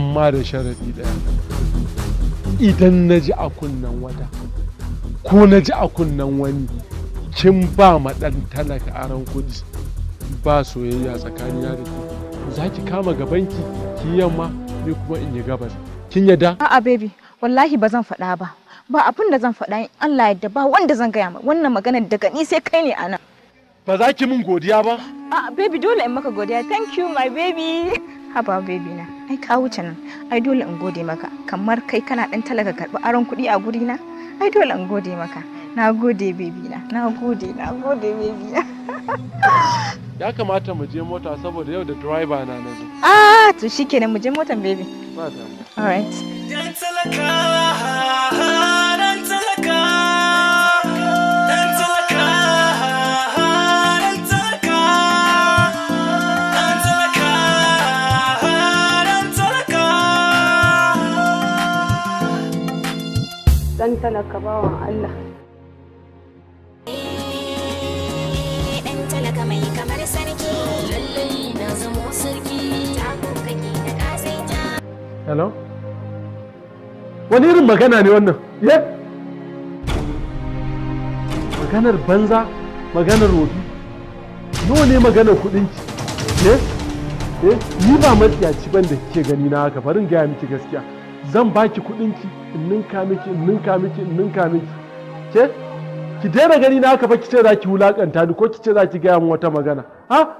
amma da sharadi ɗaya idan na ji a kunnen wata ko na ji a kunnen wani kin ba ma ɗan talaka aron kuɗi ba soyayya tsakanin da ki za ki kama gabanki ki yamma ni kuma in yi gabas kin yadda a'a baby wallahi ba zan faɗa ba ba abin da zan faɗa in Allah yadda ba wanda zan gaya ma wannan magana daga ni sai kai ne anan ba za ki min godiya ba a'a baby dole in maka godiya thank you my baby haba baby na ai ka wuce nan ai dole in gode maka kamar kai kana dan talaka karbi aron kuɗi a guri na ai dole in gode maka na gode baby na na gode na gode baby na ya kamata mu je mota saboda yau da driver na na zo ah to shikenan mu je motan baby ba all right dan talaka bawan Allah hello wani irin magana ne wannan yep maganar banza maganar robi nawa ne maganar kudinki eh eh ni ba matsiyaci ban da kike gani na haka barin gaya miki gaskiya zan ba baki kuɗinki in ninka miki in ninka miki in ninka miki ce ki daina gani na haka fa ki ce za ki wulakanta ni ko ki ce za ki gaya min wata magana ha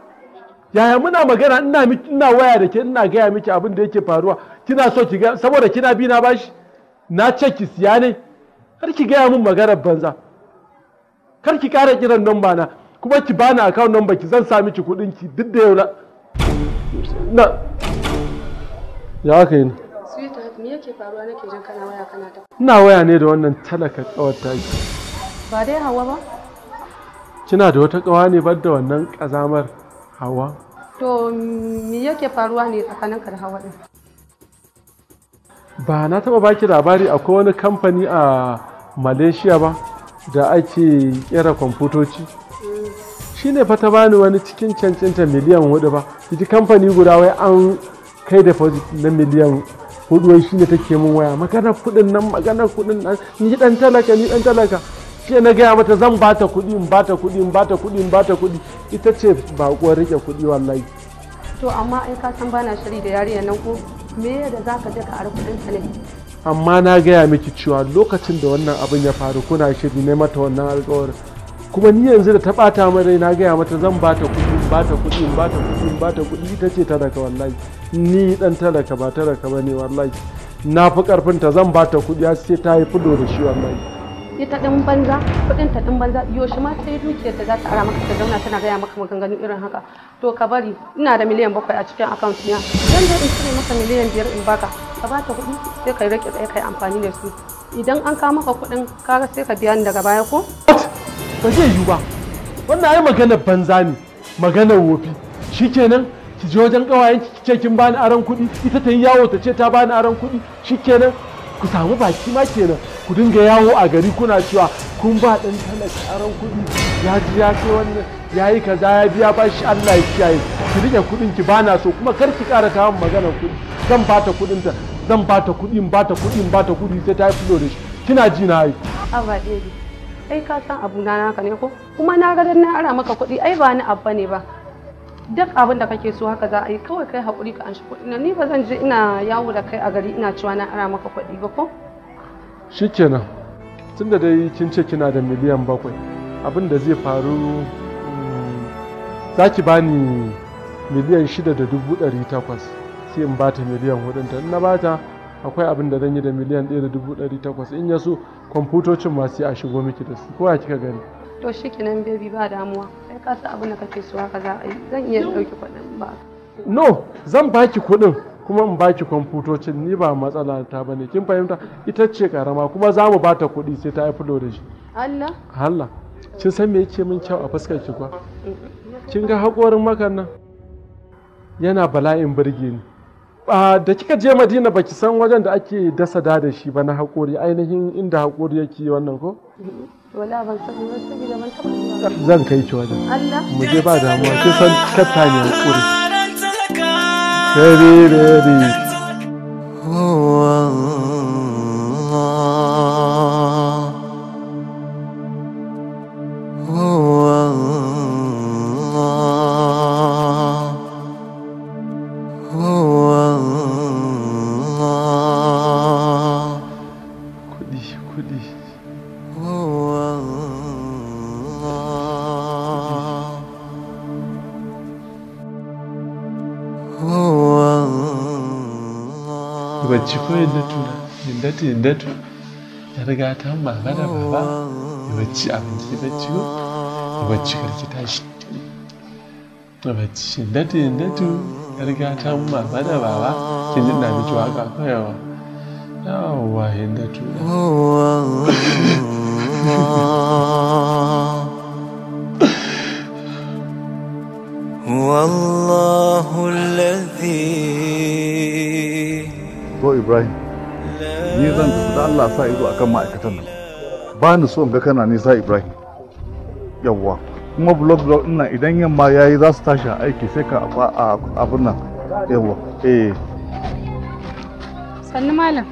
yaya muna magana ina miki ina waya da ke ina gaya miki abin da yake faruwa kina so ki ga saboda kina bi na bashi na ce ki siya ne har ki gaya min maganar banza kar ki ƙara kiran namba na kuma ki bani account number ki zan sa miki kuɗin ki duk da yau na ya haka yi me yake faruwa nake jin kana waya kana ta ina waya ne da wannan talaka kawar taki ba dai hawa ba kina da wata kawa ne bar da wannan kazamar hawa to me yake faruwa ne tsakaninka da hawa din ba na taba baki labari akwai wani kamfani a malaysia ba da ake kera kwamfutoci shi ne fata bani wani cikin cancanta miliyan hudu ba ji kamfani guda wai an kai deposit na miliyan huduwan shi ne take mun waya magana kudin nan magana kudin nan ni dan talaka ni dan talaka shi na gaya mata zan bata kudi in bata kudi in bata kudi in bata kudi ita ce bakuwar rike kudi wallahi to amma ai ka san bana shiri da yarinyar nan ko me da zaka je ka ar kudin ta ne amma na gaya miki cewa lokacin da wannan abin ya faru kuna shiri ne mata wannan alƙawarin kuma ni yanzu da ta bata mai na gaya mata zan bata kudi bata ta kuɗi in bata ta kuɗi in ba ta kuɗi ita ce talaka wallahi ni dan talaka ba talaka bane wallahi na fi karfin ta zan bata kuɗi har sai ta yi fido da shi wallahi ita din banza kuɗin ta din banza yoshi ma ta yi dukiyar da za ta ara maka ta zauna tana gaya maka maganganun irin haka to ka bari ina da miliyan bakwai a cikin account na zan je in cire maka miliyan biyar in baka ka bata ta kuɗi sai ka yi rake tsaye ka yi amfani da su idan an kawo maka kuɗin ga sai ka biya ni daga baya ko ba zai yiwu ba wannan ai magana banza ne maganar wofi shikenan ki je wajen kawayen ki ce kin bani aron kuɗi ita ta yi yawo ta ce ta bani aron kuɗi shi shikenan ku samu baki ma kenan ku dinga yawo a gari kuna cewa kun ba ɗan talaka aron kuɗi ya ji ya kai wannan ya yi kaza ya biya bashi Allah ya kiyaye ki rike kuɗin ki bana so kuma kar ki ƙara kawo maganar kuɗi zan bata kuɗin ta zan bata kuɗi in bata kuɗi in bata kuɗi sai ta yi fulo da shi kina ji na yi. ai ka san abu na naka ne ko kuma na ga dan na ara maka kuɗi ai ba ni abba ne ba duk abin da kake so haka za a yi kawai kai haƙuri ka anshi kuɗi na ni ba zan je ina yawo da kai a gari ina cewa na ara maka kuɗi ba ko shikenan tunda dai kin ce kina da miliyan bakwai abin da zai faru mm, zaki bani miliyan shida da dubu ɗari takwas sai in bata miliyan hudunta in na bata akwai abin da zan yi da miliyan ɗaya da dubu ɗari takwas in ya so kwamfutocin masu a shigo miki da su kowa kika gani to shi nan bebi ba damuwa kai ka sa abin da kake so haka za a yi zan iya ɗauki kuɗin ba no zan baki kuɗin kuma in baki kwamfutocin ni ba matsala ta bane kin fahimta ita ce karama kuma za mu bata kuɗi sai ta yi fulo da shi Allah Allah kin san me yake min kyau a fuskar ki kwa kin ga haƙorin makan nan yana bala'in birge ni da kika je madina baki san wajen da ake dasa da shi ba na haƙuri ainihin inda haƙuri yake wannan ko wala ban san saboda ban taɓa zan kai ki wajen Allah mu je ba damuwa kin san katta ne haƙuri Very, very. ita datu ya riga ta magana ya bacci abinci ya bacci ko ya karki tashi ya bacci ya ya riga ta magana baba ji na miki waka ya والله الذي da Allah sa ido akan ma'aikatan nan ba ni so in ga kana nisa Ibrahim yawwa kuma blog blog ina idan yamma yayi za su tashi aiki sai ka a abin nan yawwa eh sannu malam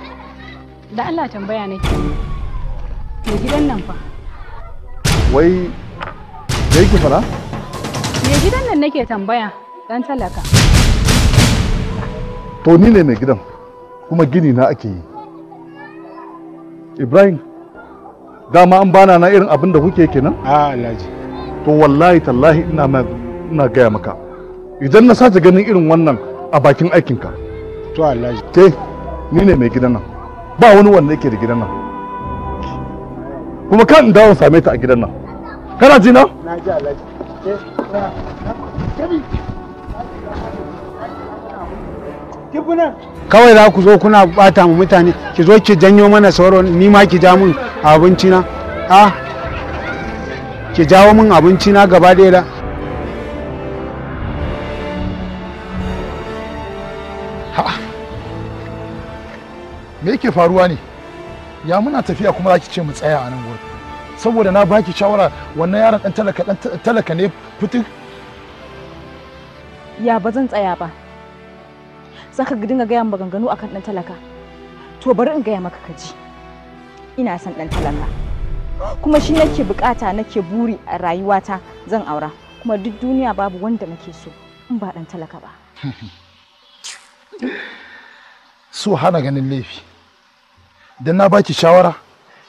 da Allah tambaya nake me gidan nan fa wai da yake fara me gidan nan nake tambaya dan talaka to ni ne mai gidan kuma gini na ake yi Ibrahim dama an bana na irin abin da kuke kenan? A Alhaji. To wallahi tallahi ina ina gaya maka. Idan na sace ganin irin wannan a bakin aikinka. To Alhaji. Ke ni ne mai gidan nan. Ba wani wanda yake da gidan nan. Kuma kan dawo same ta a gidan nan. Kana ji na? Na ji Alhaji. Ke na. kawai za ku zo kuna bata mu mutane ki zo ki janyo mana sauro ni ma ki ja mun abinci na a ki jawo min abinci na gaba ɗaya da me yake faruwa ne ya muna tafiya kuma za ki ce mu tsaya a nan gurin saboda na baki shawara wannan yaron dan talaka dan talaka ne fitin ya ba zan tsaya ba saka ka dinga gaya maganganu akan ɗan talaka to bari in gaya maka kaji ina son ɗan talaka kuma shi nake bukata nake buri a rayuwata zan aura kuma duk duniya babu wanda nake so in ba ɗan talaka ba so hana ganin laifi dan na baki shawara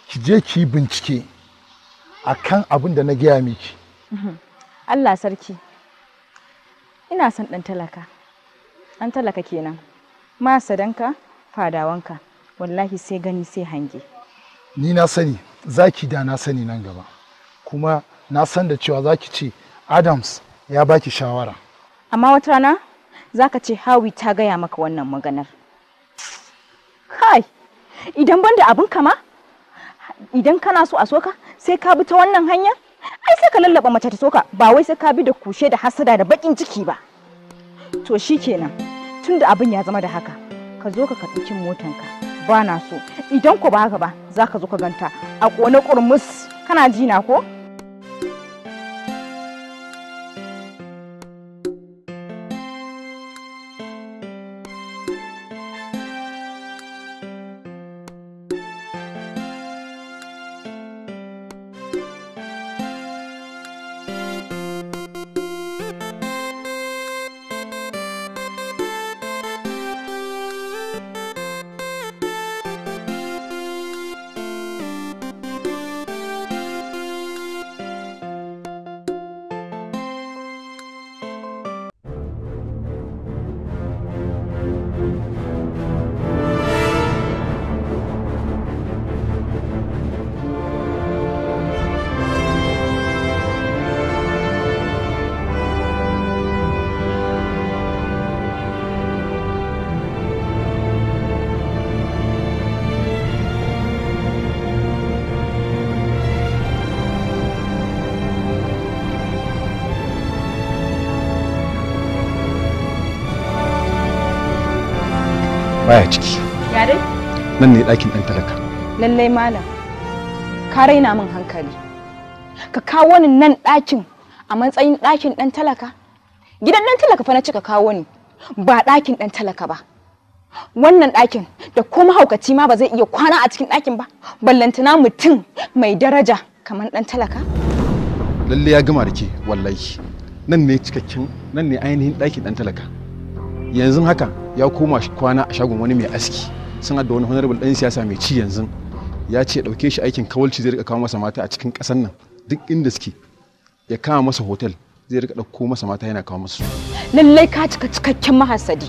ki je ki bincike akan abin da na gaya miki mhm. Allah sarki ina son ɗan talaka an talaka kenan ma sadanka fadawanka wallahi sai gani sai hange ni na sani zaki da na sani nan gaba kuma na san da cewa zaki ce adams ya baki shawara amma wata rana zaka ce hawi ta gaya maka wannan maganar kai idan banda abin kama idan kana so a soka sai ka bi ta wannan hanya ai sai ka lallaba mace ta soka ba wai sai ka bi da kushe da hasada da bakin ciki ba to shikenan tunda abin ya zama da haka ka zo ka karɓi cin motanka ba na so idan ko ba haka ba za ka zo ka ganta a ƙone ƙurmus kana jina ko baya ciki Yare? nan ne ɗakin ɗan talaka lallai malam ka raina min hankali ka kawo ni nan ɗakin a matsayin ɗakin ɗan talaka gidan ɗan talaka fa na cika kawo ni ba ɗakin ɗan talaka ba wannan ɗakin da ko haukaci ma ba zai iya kwana a cikin ɗakin ba ballantana mutum mai daraja kamar ɗan talaka lalle ya gama da ke wallahi nan ne cikakken nan ne ainihin ɗakin ɗan talaka yanzu haka ya koma kwana a shagon wani mai aski sun da wani honorable dan siyasa mai ci yanzu ya ce dauke shi aikin kawalci zai rika kawo masa mata a cikin kasan nan duk inda suke ya kama masa hotel zai rika dauko masa mata yana kawo masu lallai ka cika cikakken mahasadi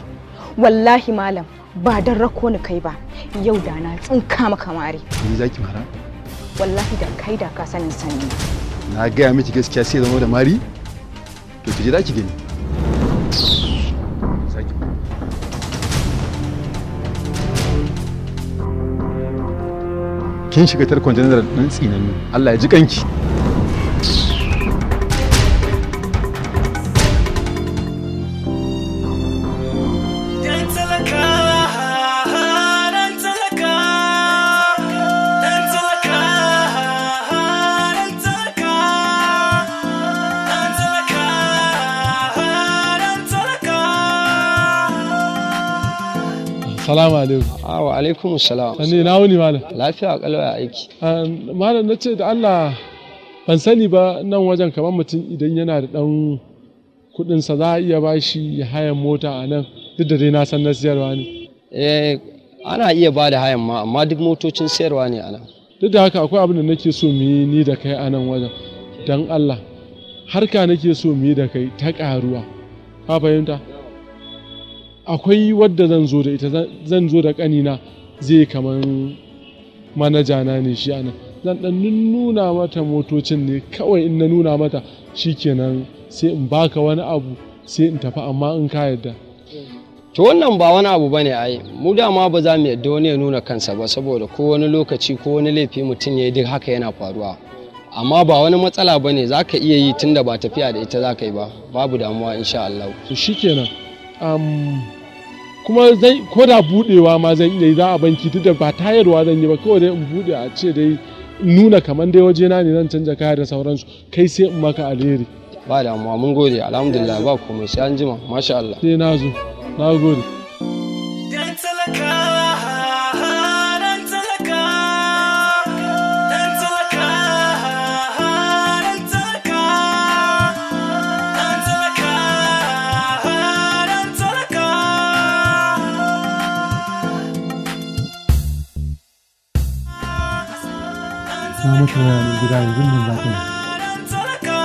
wallahi malam ba dan rako ni kai ba yau da na tsinka maka mare ni zaki mara wallahi da kai da ka sanin sani na gaya miki gaskiya sai zama da mari to ki daki da ki gani kin shiga tarkon general nan tsinanni Allah ya ji kanki Salamu alaikum. Ah, wa alaikum salam. Sani na wuni malam. Lafiya kalwa aiki. Ah, malam na ce da Allah ban sani ba nan wajen kamar mutum idan yana da ɗan kuɗinsa za a iya bashi hayan mota a nan duk da dai na san na siyarwa ne. Eh ana iya ba da hayan ma amma duk motocin siyarwa ne a nan. Duk da haka akwai abin da nake so mu yi ni da kai a nan wajen don Allah harka nake so mu yi da kai ta ƙaruwa. Ka fahimta? akwai wadda zan zo da ita zan zo da ƙanina zai kamar manaja na ne shi anan zan dan nuna mata motocin ne kawai in na nuna mata shikenan sai in baka wani abu sai in tafi amma in ka yadda to wannan ba wani abu bane ai mu dama ba za mu yadda wani ya nuna kansa ba saboda ko wani lokaci ko wani laifi mutum ya yi duk haka yana faruwa amma ba wani matsala bane za ka iya yi tunda ba tafiya da ita za ka yi ba babu damuwa insha Allah to shikenan um, kuma zai ko da budewa ma zan iya za a banki duk da ba tayarwa zan yi ba kawai dai in bude a ce dai nuna kamar dai waje na ne zan canja kaya da sauransu kai sai in maka alheri ba da amma mun gode alhamdulillah ba komai sai an jima masha Allah sai na zo na gode dan talaka suna mai gida yanzu nan za ta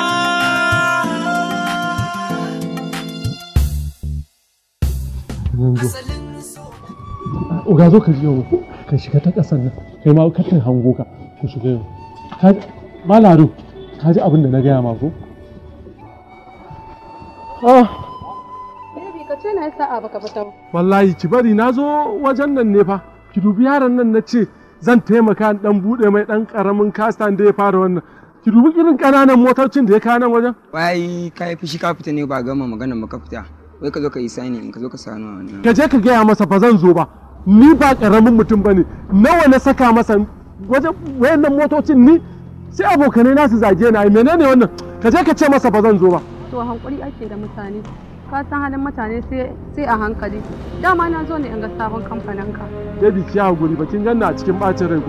yanzu uga zo ka biyo mu ka shiga ta ƙasar nan kai ma katin hango ka ku shiga yau malaru ka ji abin da na gaya ma ko ah ce na yasa a baka fita wallahi ki bari na zo wajen nan ne fa ki dubi yaron nan na ce zan taimaka dan bude mai dan karamin kastan da ya fara wannan ki dubi irin kananan motocin da ya kana nan wajen wai kai fishi ka fita ne ba gama magana mu ka fita wai ka zo ka yi sani in ka zo ka sani wannan ka je ka gaya masa ba zan zo ba ni ba karamin mutum bane nawa na saka masa wajen wayannan motocin ni sai abokanai na su zage na menene wannan ka je ka ce masa ba zan zo ba to hankuri ake da mutane ka san halin mutane sai a hankali dama na zo ne in ga sabon kamfanin ka baby ki hakuri ba kin ganna a cikin bacin rai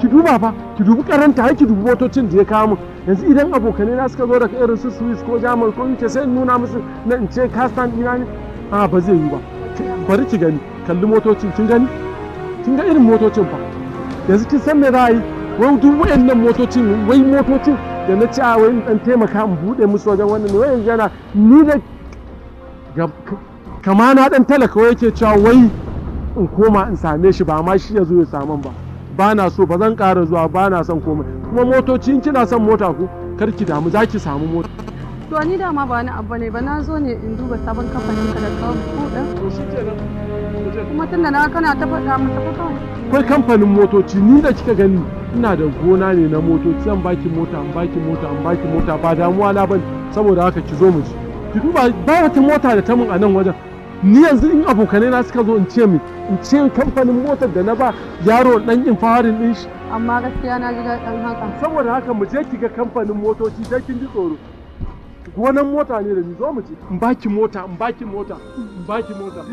ki duba fa ki dubi karanta har ki dubi motocin da ya kawo mu yanzu idan abokanai na suka zo daga irin su Swiss ko Jamus ko UK sai in nuna musu na in ce kasan ina ne a ba zai yi ba bari ki gani kalli motocin kin gani kin ga irin motocin fa yanzu kin san me za a yi wai duk wayannan motocin wai motocin da na ci a wai dan taimaka in bude musu wajen wannan ne wai yana ni da kama na dan talaka yake cewa wai in koma in same shi ba ma shi ya zo ya saman ba ba na so ba zan ƙara zuwa ba na son komai kuma motoci in kina son mota ku kar ki damu za ki samu mota to ni dama ba wani abu ne ba na zo ne in duba sabon kamfanin ka da kawo kuma tunda na kana ta faɗa mu tafi kawai akwai kamfanin motoci ni da kika gani ina da gona ne na motoci zan baki mota an baki mota an baki mota ba damuwa na bane saboda haka ki zo mu ji ba wata mota da ta mun a nan wajen ni yanzu in abokanai na suka zo in ce mi in ce kamfanin motar da na ba yaro dan in farin din shi amma gaskiya na ji daɗin haka saboda haka mu je ki ga kamfanin motoci sai kin ji tsoro gonan mota ne da ni zo mu ci in baki mota in baki mota in baki mota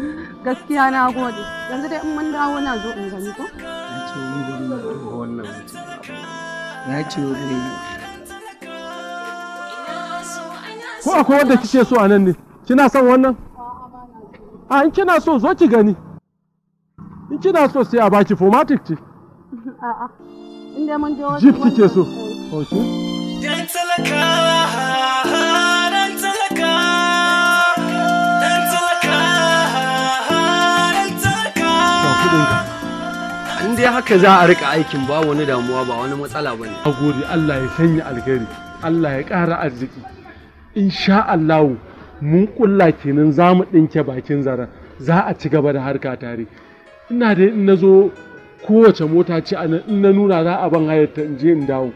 gaskiya na gode yanzu dai in mun dawo na zo in gani ko Ya ce ni da wannan mutum Ya ce wani ko akwai wanda kike so a nan ne kina son wannan a in kina so zo ki gani in kina so sai a baki formatic ce Jif kike so okay dan haka za a rika aikin ba wani damuwa ba wani matsala bane. A gode Allah ya sanya alheri, Allah ya ƙara arziki. insha Allahu mun kulla kenan za mu ɗinke bakin zara, za a ci gaba da harka tare ina da in na zo kowace mota ce a nan in na nuna za a ban hayar ta in je in dawo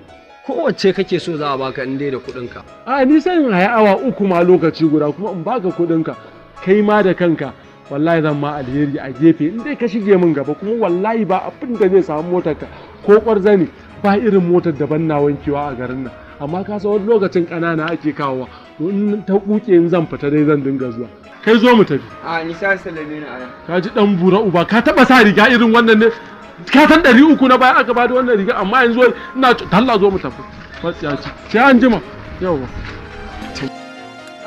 kowace kake so za a baka in dai da kuɗinka a ni sai in haya awa uku ma lokaci guda kuma in baka ka kai ma da kanka wallahi zan ma alheri a gefe in dai ka shige min gaba kuma wallahi ba abin da zai samu motarka ko ƙwarza ne ba irin motar da ban na wankewa a garin nan amma ka san wani lokacin ƙanana ake kawowa to in ta kuke zan fita dai zan dinga zuwa kai zo mu tafi a ni sa salame na aya ka ji dan bura uba ka taba sa riga irin wannan ne ka san ɗari uku na baya aka bada wannan riga amma yanzu ina talla zo mu tafi ce sai an jima yawa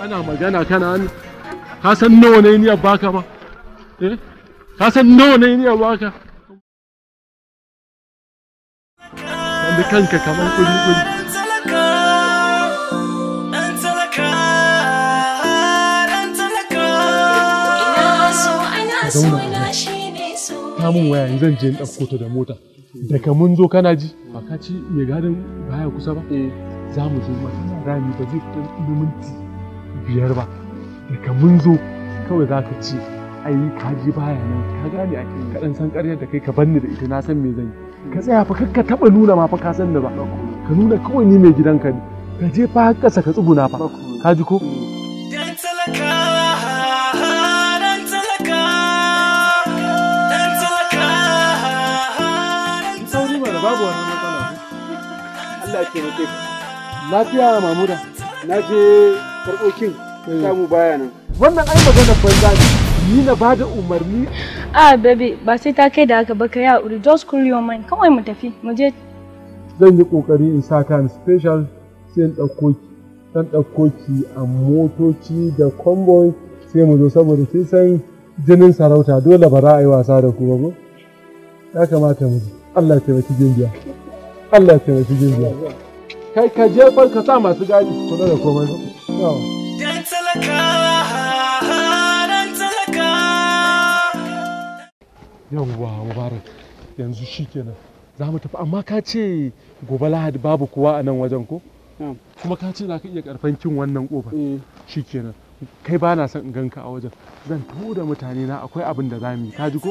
ana magana kana ka san nawa ne niyyar baka ba eh ka san nawa ne niyyar baka kanka kamar kuri-kuri. zauna a nan kamun waya zan je in ɗauko ta da mota daga mun zo kana ji ba ka ci mai gadon baya kusa ba eh. za mu je mata rami ba zai fita na minti biyar ba daga mun zo kawai za ka ce ai ka ji baya nan ka gane a kaɗan san ƙaryar da kai ka banni da ita na san me zan yi ka tsaya fa ka taɓa nuna ma fa ka san da ba ka nuna kawai ni mai gidanka ne ka je fa ƙasa ka tsuguna fa ka ji ko eh. dan talakawa inda ake roƙe ku lafiya mamuda na je karɓo kin samu eh. baya nan wannan ai magana banza ne ni na ba da umarni a babe ba sai ta kai da haka ba ka haƙuri just cool your mind kawai mu tafi mu je zan yi ƙoƙari in sa time special sai in ɗauko ki Zan ɗauko ki a motoci da convoy sai mu zo saboda sai san jinin sarauta dole ba za a yi wasa da ku ba ko ya kamata mu Allah ya taimaki jinjiya Allah ya taimaki jirgin Kai ka je ka sa masu gadi kula da komai. Dan talaka dan talaka. Yawwa Mubarak yanzu shikenan. Za mu tafi amma ka ce gobe Lahadi babu kowa a nan wajen ko? Kuma ka ce za ka iya karfan kin wannan kofar. Eh. Shikenan. Kai ba na son in ganka a wajen. Zan tura mutane na akwai abin da za mu yi. Ka ji ko?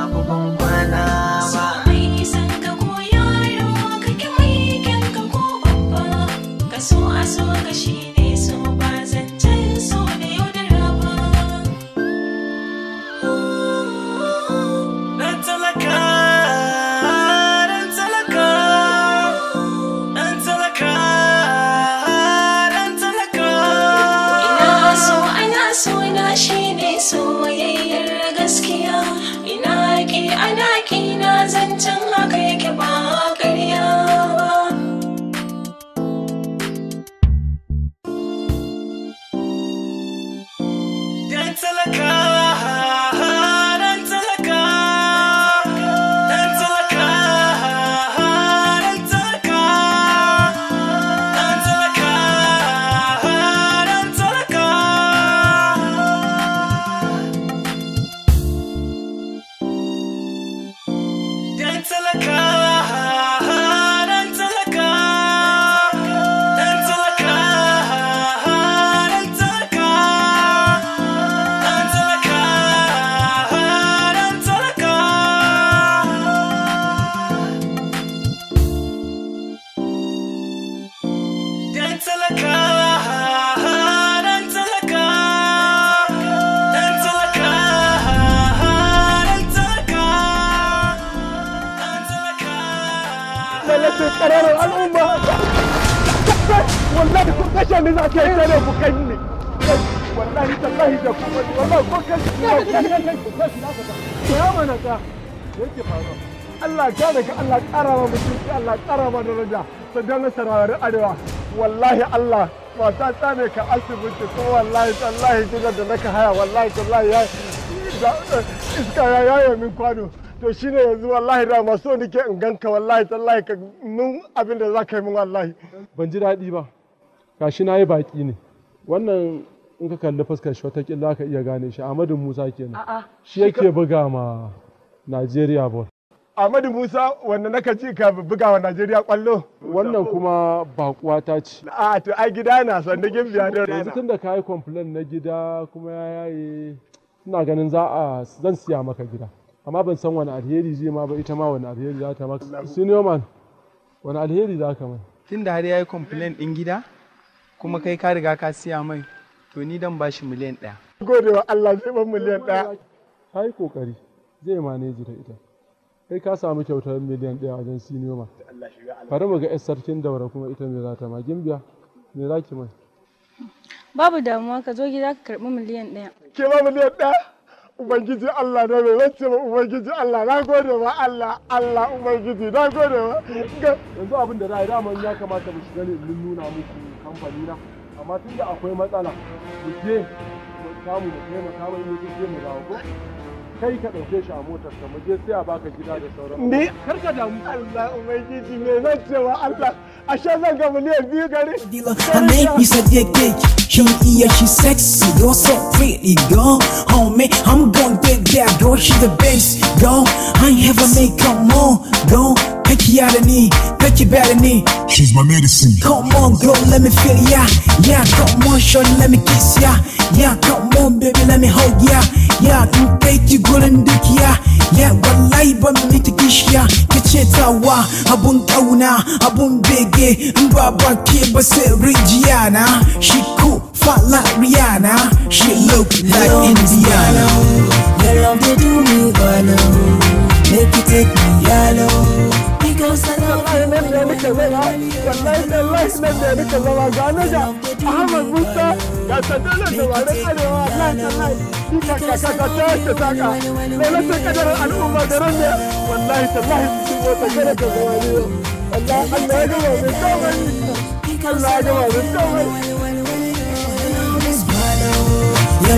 ƙara daraja su dana sararin arewa wallahi Allah ba ta ka asibiti ko wallahi tsallahi jina da naka haya wallahi tsallahi ya iska ya yaye min kwano to shine yanzu wallahi da masu nike in ganka wallahi tsallahi ka nun abin da za ka yi min wallahi ban ji daɗi ba gashi na yi baƙi ne wannan in ka kalli fuskar shi watakila ka iya gane shi Ahmadu Musa kenan shi yake buga ma Najeriya ball Ahmadu Musa wanda naka ji ka buga wa Najeriya kwallo. Wannan kuma bakuwa ta ce. A to ai gida na sanda gimbiya da Yanzu tun da ka yi complain na gida kuma ya yaye ina ganin za a zan siya maka gida. Amma ban san wani alheri zai ma ba ita ma wani alheri za ta maka. Senior man wani alheri za ka mai. Tun da har ya yi complain din gida kuma kai ka riga ka siya mai to ni dan bashi miliyan ɗaya. Gode wa Allah zai ban miliyan ɗaya. Ka yi kokari zai maneji da ita. kai ka samu kyautar miliyan ɗaya wajen sinima bari mu ga yar sarkin daura kuma ita me za ta ma gimbiya me za ki mai babu damuwa ka zo gida ka karɓi miliyan ɗaya ke ma miliyan ɗaya ubangiji Allah na mai wacce ba ubangiji Allah na gode ba Allah Allah ubangiji na gode ba yanzu abin da ra'ayi daman ya kamata mu shiga ne mun nuna muku kamfani na amma da akwai matsala mu je mu samu mu taimaka mai ne ke mu dawo ko kai ka ɗauke shi a motar ka muje sai a baka gida da sauran ne kar ka damu Allah ubangiji me zan cewa Allah zan ga miliyan biyu gare she she sexy you so pretty girl homie I'm gonna get that girl she the best girl I ain't ever make her more girl Picky out of knee, picky better knee. She's my medicine. Come on, girl, let me feel ya. Yeah, come on, shorty, let me kiss ya. Yeah, come on, baby, let me hug ya. Yeah, you take you good and dick ya. Yeah, wallahi, but me need to kiss ya. Kiche tawa, abun tauna, abun bege, mbaba ke base Rigiana. She cool, fat like Rihanna. She look like Indiana. Your love, they do me, but Make you take me, yellow. Your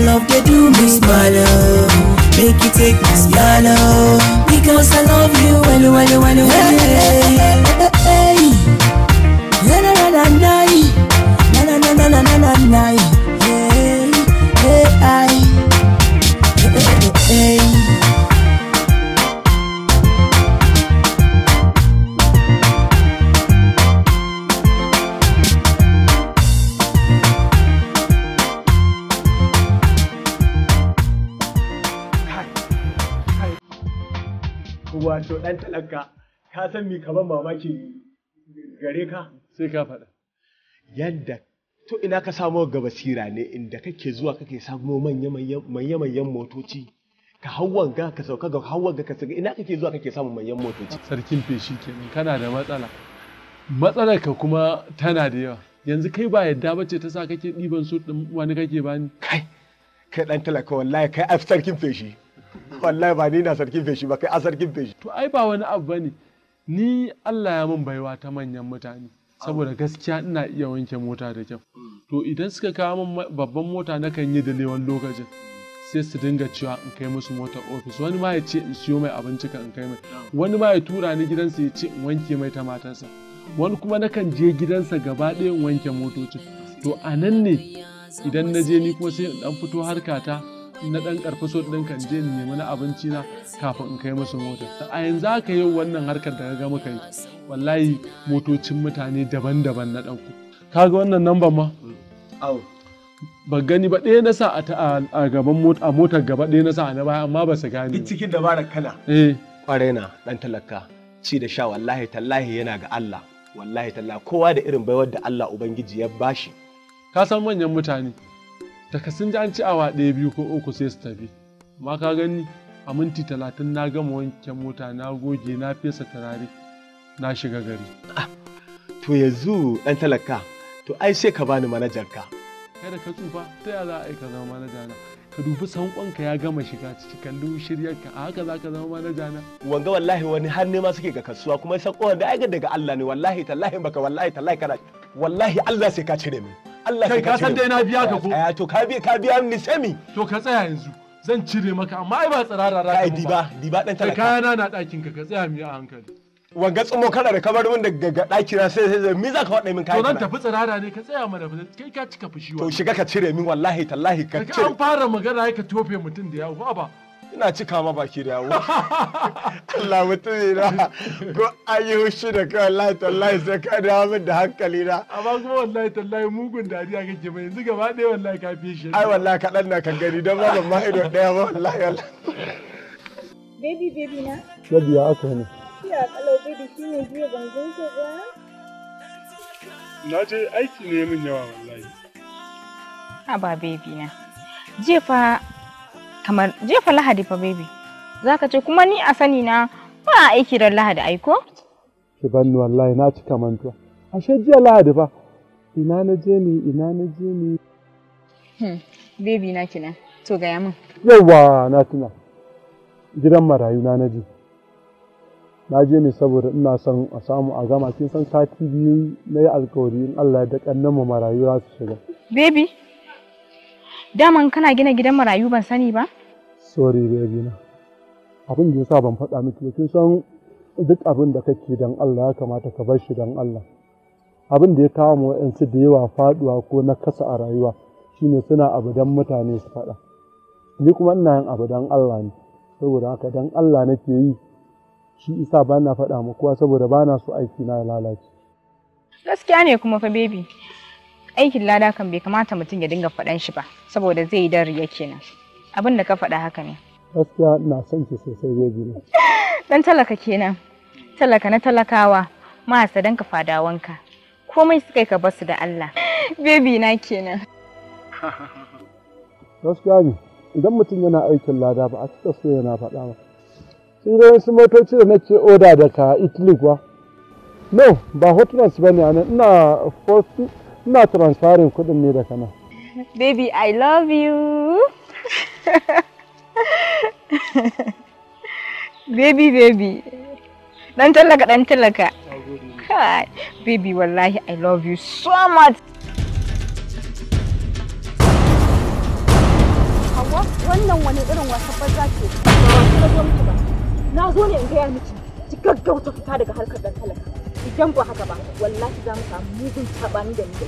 love, they do me smile. Make you take my smile, oh Because I love you, hello, hello, hello, you. Hey, hey, hey Na na na na na Na na na na na na na Hey, hey, hey Hey, hey, hey wato ɗan talaka ka san mi kaman mamaki gare ka sai ka faɗa yadda to ina ka samo ga basira ne inda kake zuwa kake samo manya manyan motoci ka hawan ga ka sauka ga hawan ga ka sauka ina kake zuwa kake samun manyan motoci sarkin feshi kenan kana da matsala matsalar ka kuma tana da yawa yanzu kai ba yadda bace ta sa kake ɗiban su ɗin wani kake bani kai kai ɗan talaka wallahi kai a sarkin feshi wallahi ba ni na sarkin feshi ba kai a sarkin feshi to ai ba wani abu bane ni Allah ya min baiwa ta manyan mutane saboda gaskiya ina iya wanke mota da kyau to idan suka kawo min babban mota na kan yi da lewan lokacin sai su dinga cewa in kai musu mota ofis wani ma ya ce in siyo mai abinci ka in kai mai wani ma ya tura ni gidansa ya ce in wanke mai ta matarsa wani kuma na kan je gidansa gaba ɗaya in wanke motocin to a nan ne idan na je ni kuma sai in dan fito harkata na ɗan karfi so ɗin kan je nemi na abinci na kafin in kai musu mota ta a yanzu aka yi wannan harkar da ga muka yi wallahi motocin mutane daban-daban na ka kaga wannan namba ma ba gani ba ɗaya na sa a gaban mota a gaba ɗaya na sa na baya amma ba su gane duk cikin dabarar kana eh kwarai na ɗan talaka ci da sha wallahi tallahi yana ga Allah wallahi tallahi kowa da irin baiwar da Allah ubangiji ya bashi ka san manyan mutane daga sun ji an ci awa ɗaya biyu ko uku sai su tafi amma ka gani a minti talatin na gama wanke mota na goge na fesa turare na shiga gari ah, to yanzu ɗan talaka to ai sai ka bani manajan ka kada ka tsufa ta ya za a yi ka zama manaja na ka dubi sankonka ya gama shiga ciki kalli shiryarka a haka za ka zama manaja na wanga wallahi wani har nema suke ga kasuwa kuma sankon da ai daga Allah ne wallahi tallahi baka wallahi tallahi kana wallahi Allah sai ka cire mu Allah kai ka san da yana biya ka ko a eh, to ka biya ka biya ni sami to ka tsaya yanzu zan cire maka amma ai ba tsirara ra kai diba diba dan talaka kai kana na dakin ka ka tsaya mi a hankali wanga tsumo kada da kabar wanda daga daki na sai sai mi zaka wada min kai to zan tafi tsirara ne ka tsaya mana kai ka cika fushi to shiga ka cire min wallahi tallahi ka cire an fara magana ka tofe mutum da yawo ba ina cika ma baki da yawo Allah mutumi na ko an yi hushi da kai wallahi tallahi sai ka dawo min da hankali na amma kuma wallahi tallahi mugun dariya kake mai yanzu gaba ɗaya wallahi ka fi shi ai wallahi kaɗan na kan gani don ba ma ido ɗaya ba wallahi wallahi baby baby na baby ya aka ne ya kalau baby shine jiya ban ganka ba na je aiki ne min yawa wallahi a ba baby na jiya fa kamar jefa lahadi fa baby zaka ce kuma ni a sani na ba aiki ran lahadi aiko ki banni wallahi na cika mantuwa ashe jiya lahadi fa ina na je ni ina na je ni hmm. baby na kina to gaya min yawa na tuna gidan marayu na na je na je ne saboda ina son a samu a gama kin san sati biyu na yi alkawari in Allah ya da kannan mu marayu za su shiga baby daman kana gina gidan marayu ban sani ba sorry baby na abin da yasa ban faɗa miki kin san duk abin da kake dan Allah ya kamata ka bar shi dan Allah abin da ya kawo mu yansu da yawa faɗuwa ko na kasa a rayuwa shine suna abu dan mutane su faɗa ni kuma ina yin abu dan Allah ne saboda haka dan Allah nake yi shi isa ba na faɗa ma kowa saboda ba na so aiki na lalace gaskiya ne kuma fa baby aikin lada kan bai kamata mutum ya dinga faɗan shi ba saboda zai yi ya kenan abin da ka faɗa haka ne gaskiya ina son ki sosai zai ne dan talaka kenan talaka na talakawa sadan ka fadawanka komai suka yi ka basu da Allah baby na kenan gaskiya ne idan mutum yana aikin lada ba a cika so yana faɗa ba sun ga wasu motoci da nake oda daga Italy kuwa no ba su ba ne a nan ina fosi. ina transferin kudin ne da kana. baby i love you baby baby dan talaka dan talaka kai baby wallahi i love you so much hawa wannan wani irin wasa banza ce ba na zo ne in gaya miki ki gaggauta fita daga harkar dan talaka idan ba haka ba wallahi za mu samu mugun sabani da ni da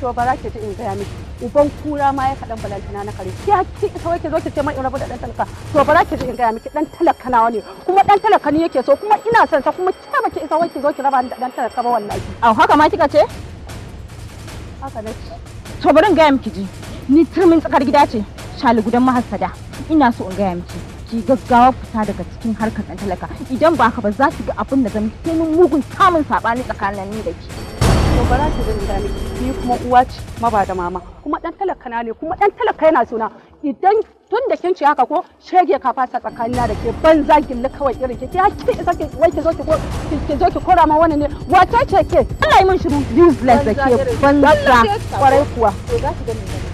to ba za ki ji in gaya miki uban kura ma ya kaɗan balantana na kare ki ki kawai ki zo ki ce mai in rabu da ɗan talaka to ba za ki ji in gaya miki dan talaka nawa ne kuma ɗan talaka ne yake so kuma ina son sa kuma kya baki isa wai ki zo ki raba da ɗan talaka ba wallahi a haka ma kika ce haka ne to bari in gaya miki ji ni turmin tsakar gida ce shali gudan mahassada ina so in gaya miki ji gaggawa fita daga cikin harkar ɗan talaka idan ba haka ba za ki ga abin da zan sai mun mugun samun saɓani tsakanin ni da ki. To ba za ki zan gane ni kuma uwa ce ba da mama kuma ɗan talaka na ne kuma ɗan talaka yana suna idan tun da kin ci haka ko shege ka fasa tsakanina da ke banza gilla kawai irin ke ya ki isa ki wai ki zo ki ki zo ki kora ma wani ne wace ce ke Allah yi mun shiru useless da ke banza kwarai kuwa to za ki gani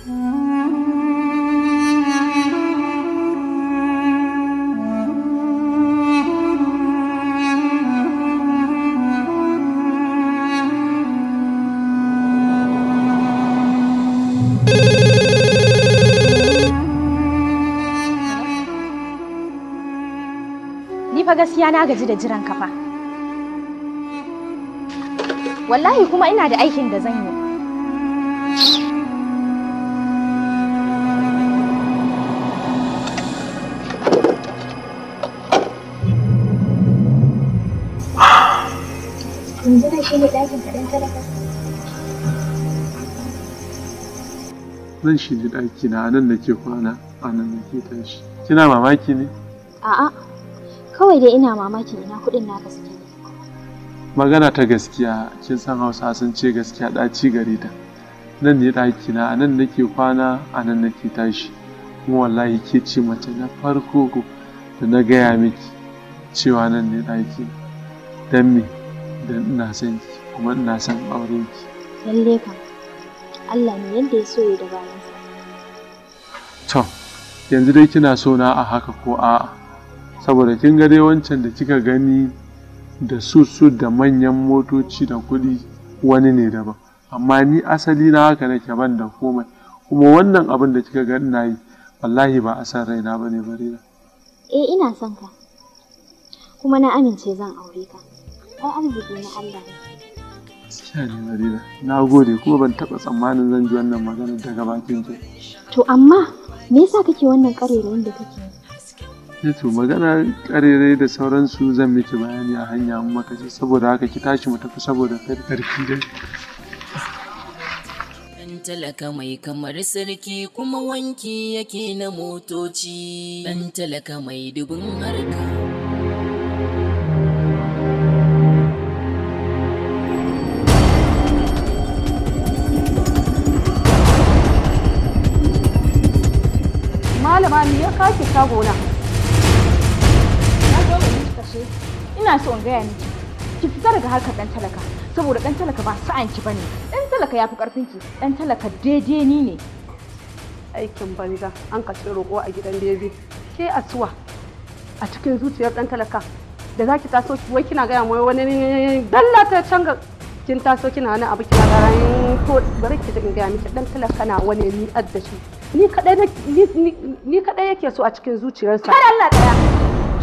gaskiya na gaji da jiran ka fa wallahi kuma ina da aikin da zan yi yanzu da shi ne ɗakin kaɗan nan zan ke kwana a nan da kwana anan tashi kina mamaki ne a'a Kawai dai ina mamaki ina kuɗin ka suke. Magana ta gaskiya, kin san Hausa sun ce gaskiya ɗaci gare ta. Nan ne daki a nan nake kwana, a nan nake tashi. Kuma wallahi ke ce mace na farko da na gaya miki cewa nan ne daki Don me? dan ina son ki, kuma ina son aure ki. Lalle ka! Allah ne yadda ya so ya da bayansa. To, yanzu dai kina so na a haka ko a'a. saboda kin ga dai wancan da kika gani da su da manyan motoci da kuɗi wani ne daban amma ni asali na haka nake ban da komai kuma wannan abin da kika ga ina yi wallahi ba a san raina ba ne na eh ina son ka kuma na amince zan aure ka ai arziki na Allah ne ne barira na gode kuma ban taɓa tsammanin zan ji wannan maganar daga bakin ki to amma me yasa kake wannan ƙarerayin da kake yato eh magana karerai da sauransu zan miki bayani a hanya mun maka je saboda haka ki tashi mu tafi saboda kar karfi dai dan talaka mai kamar sarki kuma wanki yake na motoci dan talaka mai dubin harka Malama me ya kashi shagona? ce ina so in gaya miki ki fita daga harkar dan talaka saboda dan talaka ba sa'an ki bane dan talaka yafi karfin ki dan talaka daidai ni ne aikin banza an ka kace roƙo a gidan bebe ke asuwa a cikin zuciyar dan talaka da zaki taso wai kina gaya mai wani dalla ta canga kin taso kina wani abu kina ga rayin ko bari ki in gaya miki dan talaka na wani ni adda shi ni kadai ni kadai yake so a cikin zuciyarsa kar Allah daya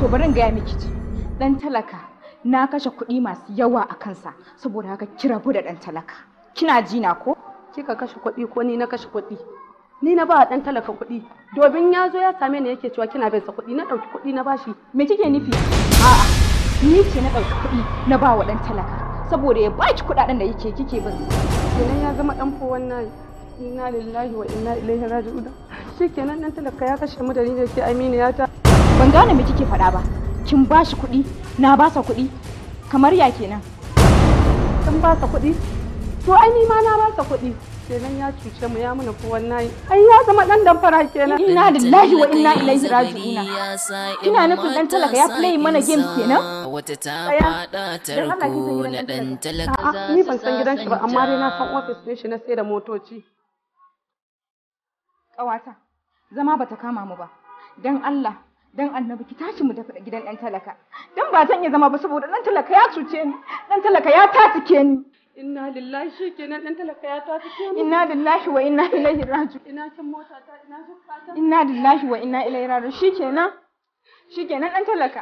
to bari in gaya miki dan talaka na kashe kuɗi masu yawa a kansa saboda haka kira da dan talaka kina jina ko kika kashe kuɗi ko ni na kashe kuɗi ni na ba dan talaka kuɗi domin ya zo ya same ni yake cewa kina sa kuɗi na ɗauki kuɗi na bashi me kike nufi a'a ni ce na ɗauki kuɗi na ba wa dan talaka saboda ya baki kuɗaɗen da yake kike bin kenan ya zama dan fo wannan inna lillahi wa inna ilaihi raji'un shikenan dan talaka ya kashe mu da ni da ke aminiya ta ban gane me kike faɗa ba kin ba shi kuɗi na ba sa kuɗi kamar ya kenan kin ba sa kuɗi to ai ni ma na ba sa kuɗi kenan ya cuce mu ya muna ko nayi ai ya zama dan damfara kenan inna lillahi wa inna ilaihi raji'una kina nufin dan talaka ya play mana game kenan wata ta fada tarko na dan talaka za ni ban san gidan shi ba amma dai na san office ne shi na sai da motoci kawata zama bata kama mu ba dan Allah dan annabi ki tashi mu tafi gidan dan talaka dan ba zan iya zama ba saboda dan talaka ya cuce ni dan talaka ya tatike ni inna lillahi kenan dan talaka ya tatike ni inna lillahi wa inna ilaihi raji'un ina kin mota ta ina kin fata inna lillahi wa inna ilaihi raji'un shikenan shikenan dan talaka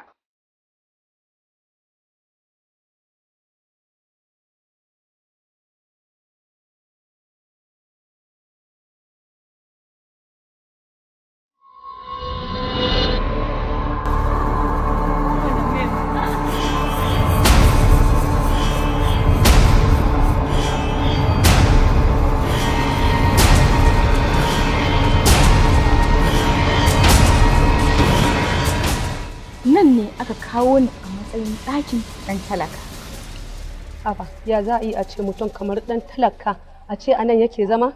kawo ni a matsayin ɗakin ɗan talaka. Aba, ya za a yi a ce mutum kamar ɗan talaka a ce anan yake zama?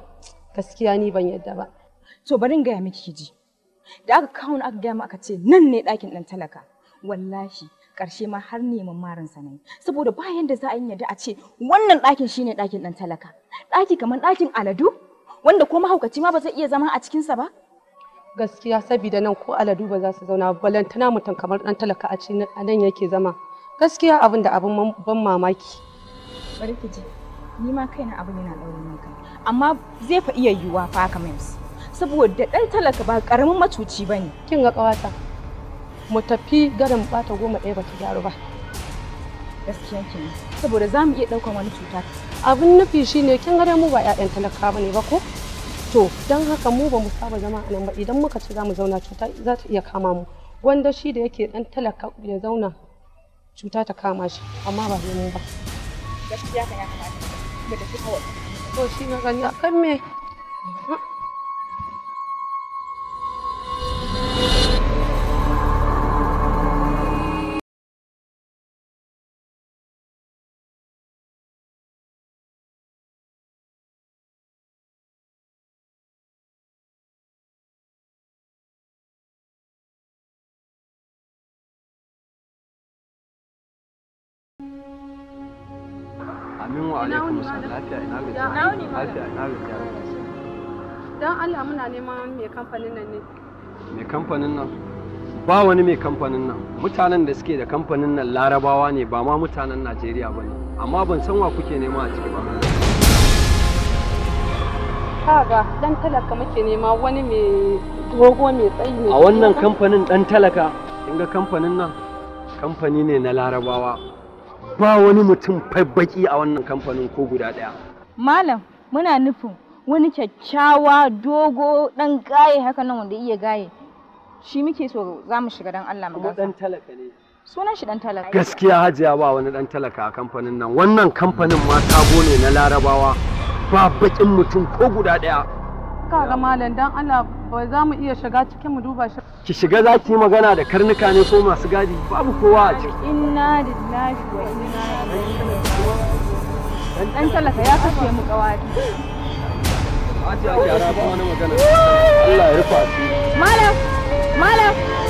Gaskiya ni ban yadda ba. To barin gaya miki ji. Da aka kawo ni aka gaya aka ce nan ne ɗakin ɗan talaka. Wallahi, ƙarshe ma har neman marin sa Saboda bayan da za a yi yadda a ce wannan ɗakin shine ɗakin ɗan talaka. Ɗaki kamar ɗakin aladu wanda ko mahaukaci ma ba zai iya zama a cikinsa ba. gaskiya saboda nan ko aladu ba za su zauna balantana mutum kamar dan talaka a cikin nan yake zama gaskiya abin da abin ban mamaki bari ki ji ni ma kaina abin yana daure min kai amma zai fa iya yiwa fa haka mims saboda dan talaka ba karamin matuci bane kin ga kawata mu tafi garin bata goma ɗaya bata gyaru ba gaskiya kenan saboda za mu iya ɗaukan wani cuta abin nufi shine kin ga mu ba 'ya'yan talaka bane ba ko to don haka mu ba mu saba zama a nan ba idan muka ci za mu zauna cuta za ta iya kama mu gwanda shi da yake dan talaka ya zauna cuta ta kama shi amma ba mu ba gaskiya ka ya kamata mu tafi kawai to shi ga gani kan me Amin wa alaikum salam lafiya ina gajiya. Lafiya ina gajiya. Dan Allah muna neman mai kamfanin nan ne. Mai kamfanin nan? Ba wani mai kamfanin nan. Mutanen da suke da kamfanin nan Larabawa ne ba ma mutanen Najeriya ba ne. Amma ban san wa kuke nema a ciki ba. Kaga dan talaka muke nema wani mai dogo mai tsayi ne. A wannan kamfanin dan talaka, kin ga kamfanin nan? Kamfani ne na Larabawa. ba wani mutum baki a wannan kamfanin ko guda ɗaya. Malam muna nufin wani kyakkyawa dogo ɗan gaye haka nan wanda iya gaye shi muke so za mu shiga dan Allah mu dan talaka ne. Sunan shi dan talaka. Gaskiya hajiya ba wani dan talaka a kamfanin nan wannan kamfanin ma sabo ne na larabawa ba bakin mutum ko guda ɗaya. Kaga malam dan Allah kawai za mu iya shiga cikin mu duba shi ki shiga za ki yi magana da karnuka ne ko masu gadi babu kowa a ciki inna lillahi wa inna ilaihi dan talaka ya kashe mu kawai a ce ake araba wani magana Allah ya rufa malam malam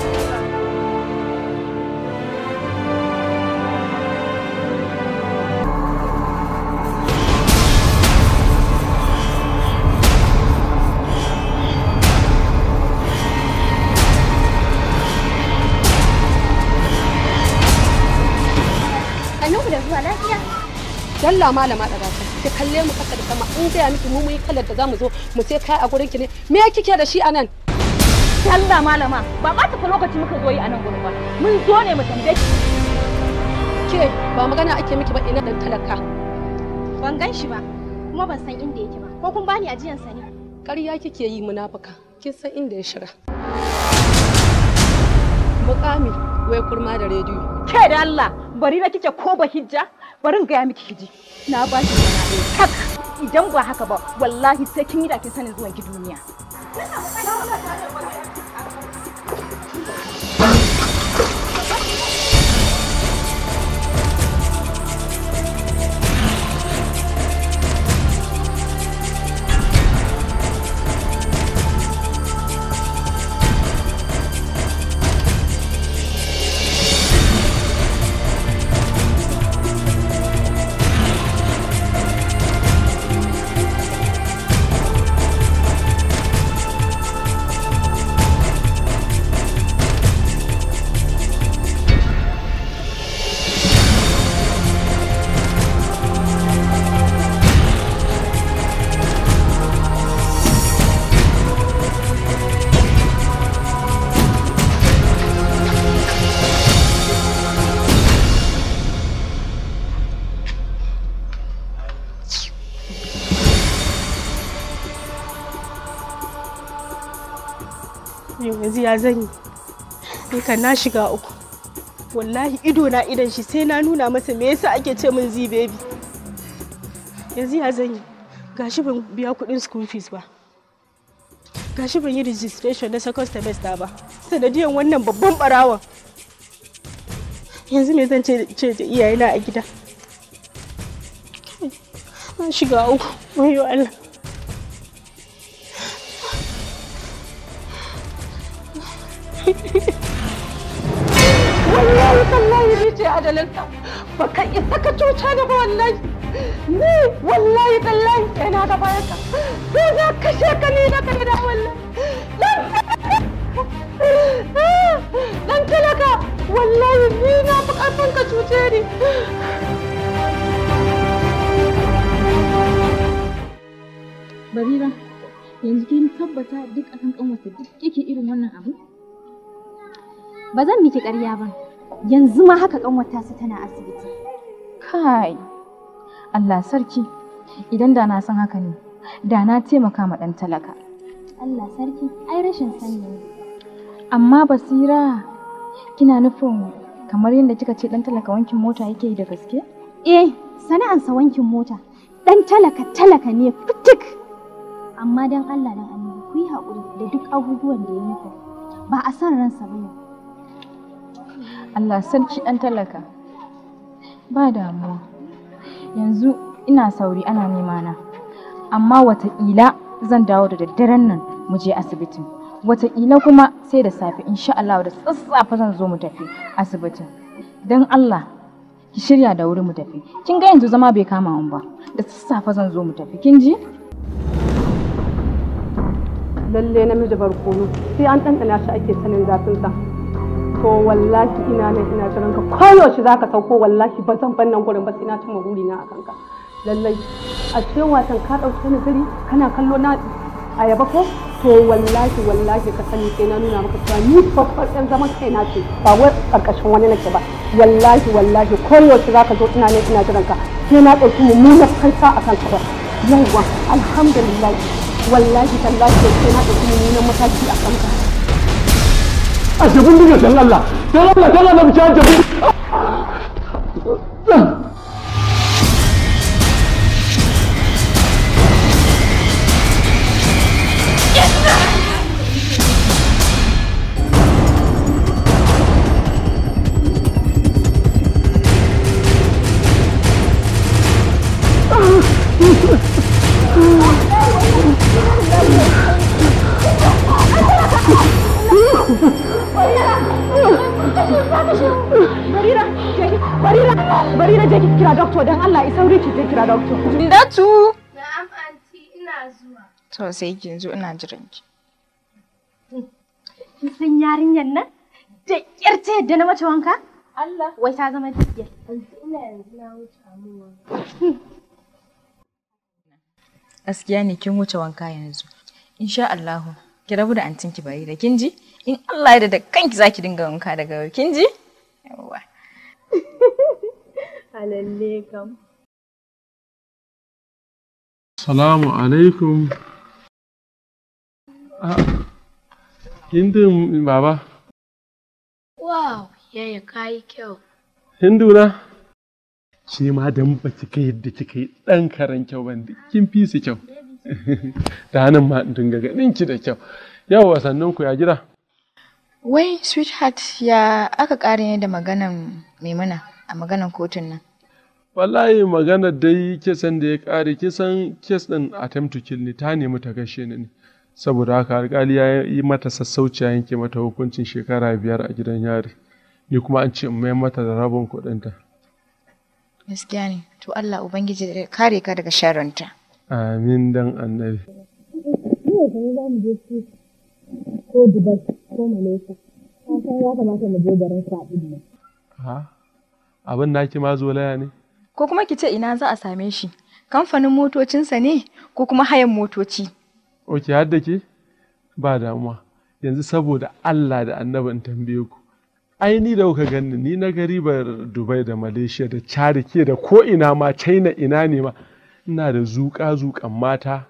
ga malama da gata ki kalle mu kasa da sama in ga miki mu muyi kalar da zamu zo mu sai kai a gurin ki ne me kike da shi anan Allah malama ba ba ta lokaci muka zo yi anan gurin ba mun zo ne mu tambaye ki ke ba magana ake miki ba ina dan talaka ban gan shi ba kuma ban san inda yake ba ko kun bani ajiyan sa ne ƙarya kike yi munafuka kin san inda ya shira mukami wai kurma da rediyo ke da Allah bari na kike ko ba hijja bari gaya miki kiji na ba shi kak idan ba haka ba wallahi sai kin yi da kin sanin zuwan ki duniya ya zan yi duka na shiga uku wallahi ido na idan shi sai na nuna masa me yasa ake ce min zi baby yanzu ya zan yi gashi ban biya kuɗin school fees ba gashi ban yi registration na second semester ba sanadiyan wannan babban barawan yanzu me zan ce da iyayena a gida na shiga uku wayo Allah wallahi tallahi ni ce adalinka ba ka isa ka cuce ni ba wallahi ni wallahi tallahi sai na ga bayan ka sai na kashe ka ni da kai da wallahi dan talaka wallahi ni na fi karfin ka cuce ni Barira, yanzu kin tabbata duk akan kanwata duk yake irin wannan abu? Ba zan miki ƙarya ba. Yanzu ma haka ƙanwata su tana asibiti. Kai. Allah sarki. Idan da na san haka ne, da na taimaka ma ɗan talaka. Allah sarki, ai rashin sani ne. Amma basira, kina nufin kamar yadda kika ce ɗan talaka wankin mota yake yi da gaske? Eh, sana'ansa wankin mota. Ɗan talaka talaka ne fitik. Amma don Allah don annabi ku yi haƙuri da duk abubuwan da ya muku. Ba a san ransa ba ne. Allah sarki ɗan talaka. Ba damuwa. Yanzu ina sauri ana nema na. Amma wataƙila zan dawo da daddaren nan mu je asibitin. Wataƙila kuma sai da safe insha Allah da tsatsafa zan zo mu tafi asibitin. Don Allah ki shirya da wuri mu tafi. Kin ga yanzu zama bai kama mun ba. Da tsatsafa zan zo mu tafi. Kin ji? Lalle namiji barkono sai an ɗanɗana shi ake sanin zafinsa. sauko wallahi ina nan ina jiran ka koyaushe za ka sauko wallahi ba zan ban nan gurin ba sai na cimma na akan ka lallai a cikin wasan ka ɗauke ni gari kana kallo na ayaba ko to wallahi wallahi ka sani sai na nuna maka cewa ni babbar ɗan zaman kaina ce ba wai ƙarƙashin wani nake ba wallahi wallahi koyaushe za ka zo ina nan ina jiran ka sai na ɗauki mummunar kaifa a kanka ba yawwa alhamdulillah wallahi tallahi sai na ɗauki mummunan mataki a ka. a jabin diga dan Allah dan Allah dan Allah mu ci jabin kira doctor don Allah isa sauri ki kira doctor. tu. Na'am anti ina zuwa. To sai kin zo ina jiran ki. Kin san yarinyar nan? Da kyar yadda na mace wanka? Allah. Wai ta zama dikiyar. Anti ina yanzu na wuce amuwa. Gaskiya ne kin wuce wanka yanzu. Insha Allahu. Ki rabu da antinki bari da kin ji? In Allah ya da kanki zaki dinga wanka daga yau kin ji? Yawwa. A lalle kam. Salamu alaikum. Ah, Hindun baba. Wow, yaya kayi kyau. Hindu na? Shi ma dan ba kika yadda kika yi ɗan karan kyau ban kin fi su kyau. Da hannun ma dinga ganin ki da kyau. Yawwa wasannin ku ya gida. Wai sweetheart ya aka ƙare da maganan Maimuna. a maganar kotun nan? Wallahi magana dai kesan da ya kare. kisan kes ɗin attempt to kill ne ta nemi ta gashe ni ne. Saboda haka alƙali ya yi mata sassauci ya yanke mata hukuncin shekara biyar a gidan yari. Ni kuma an ce in mata da rabin kuɗinta. Gaskiya ne, to Allah Ubangiji da kare ka daga sharanta. Amin dan annabi. ko Dubai ko Malaysia. san ya kamata mu je garin ne. Ha? abin naki ma zolaya ne ko kuma ki ce ina za a same shi kamfanin motocinsa ne ko kuma hayan motoci ok har da ke ba damuwa yanzu saboda allah da annabi in tambaye ku ai ni da kuka ganni ni na garibar dubai da malaysia da chad ke da ko ina ma china ina ne ma ina da zuƙa zuƙan mata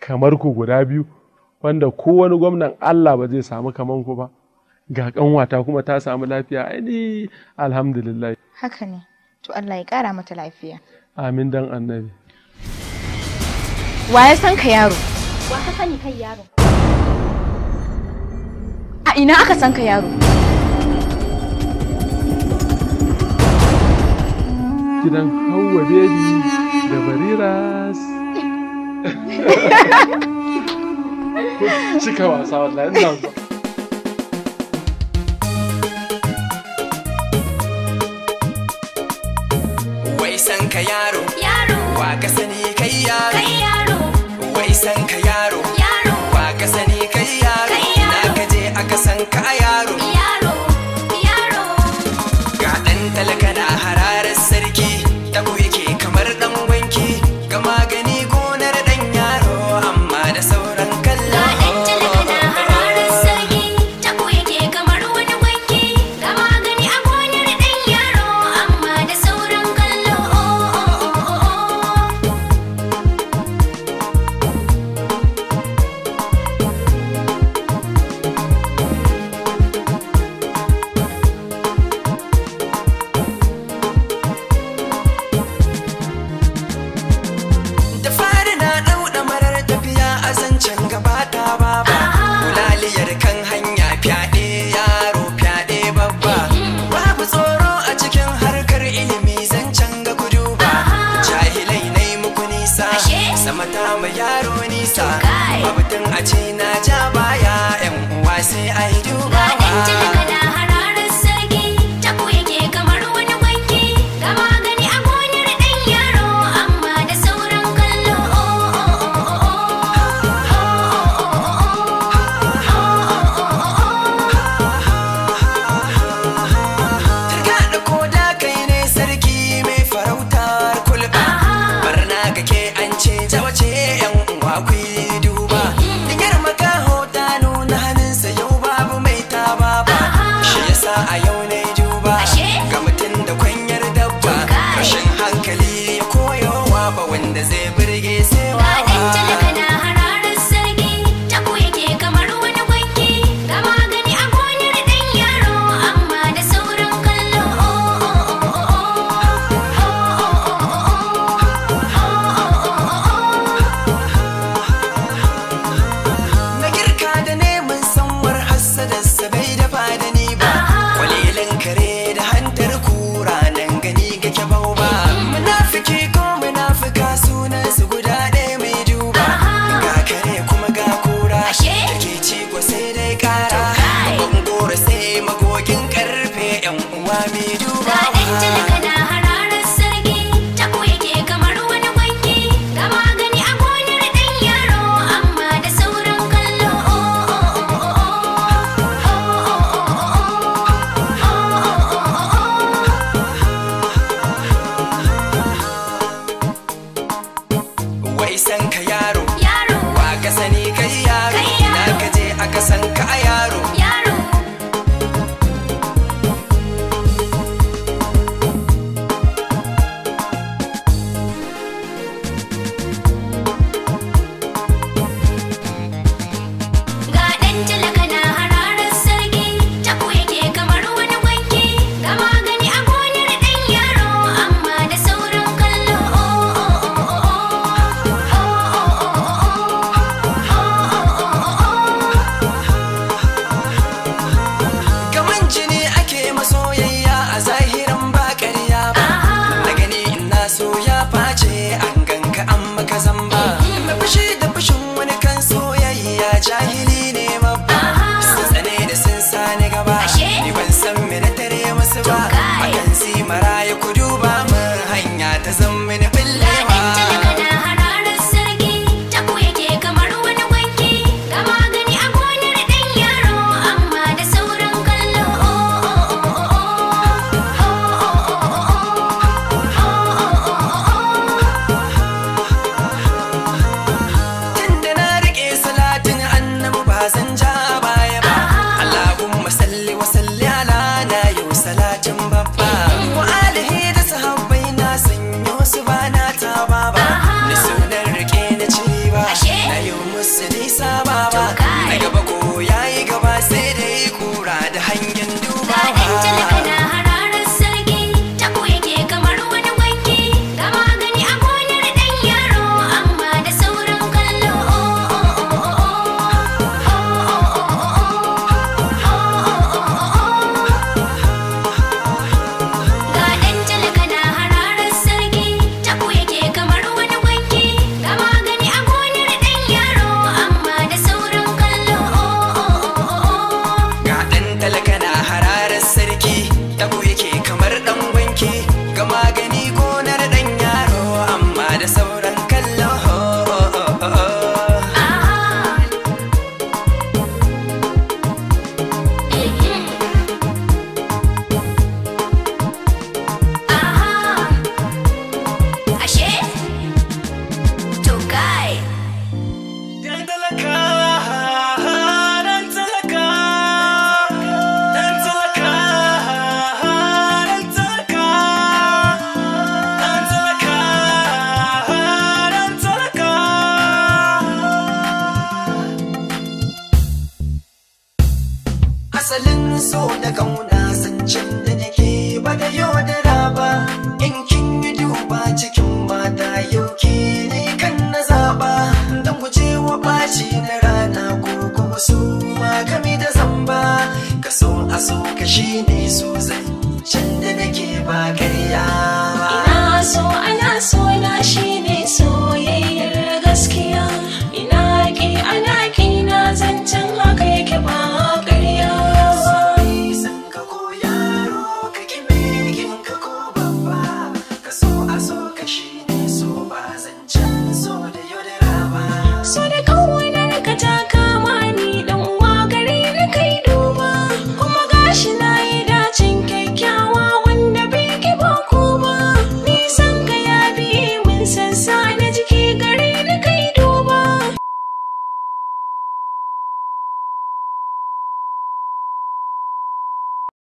kamar ku guda biyu wanda ko wani gwamnan allah ba zai samu kamar ku ba ga kanwata kuma ta samu lafiya ai ni alhamdulillah haka ne to Allah ya ƙara mata lafiya amin dan annabi wa ya san ka yaro wa ka sani kai yaro a ina aka san ka yaro gidan Hauwa Baby da Bariras. Cika wasa wallahi ina yaro yaro wa ka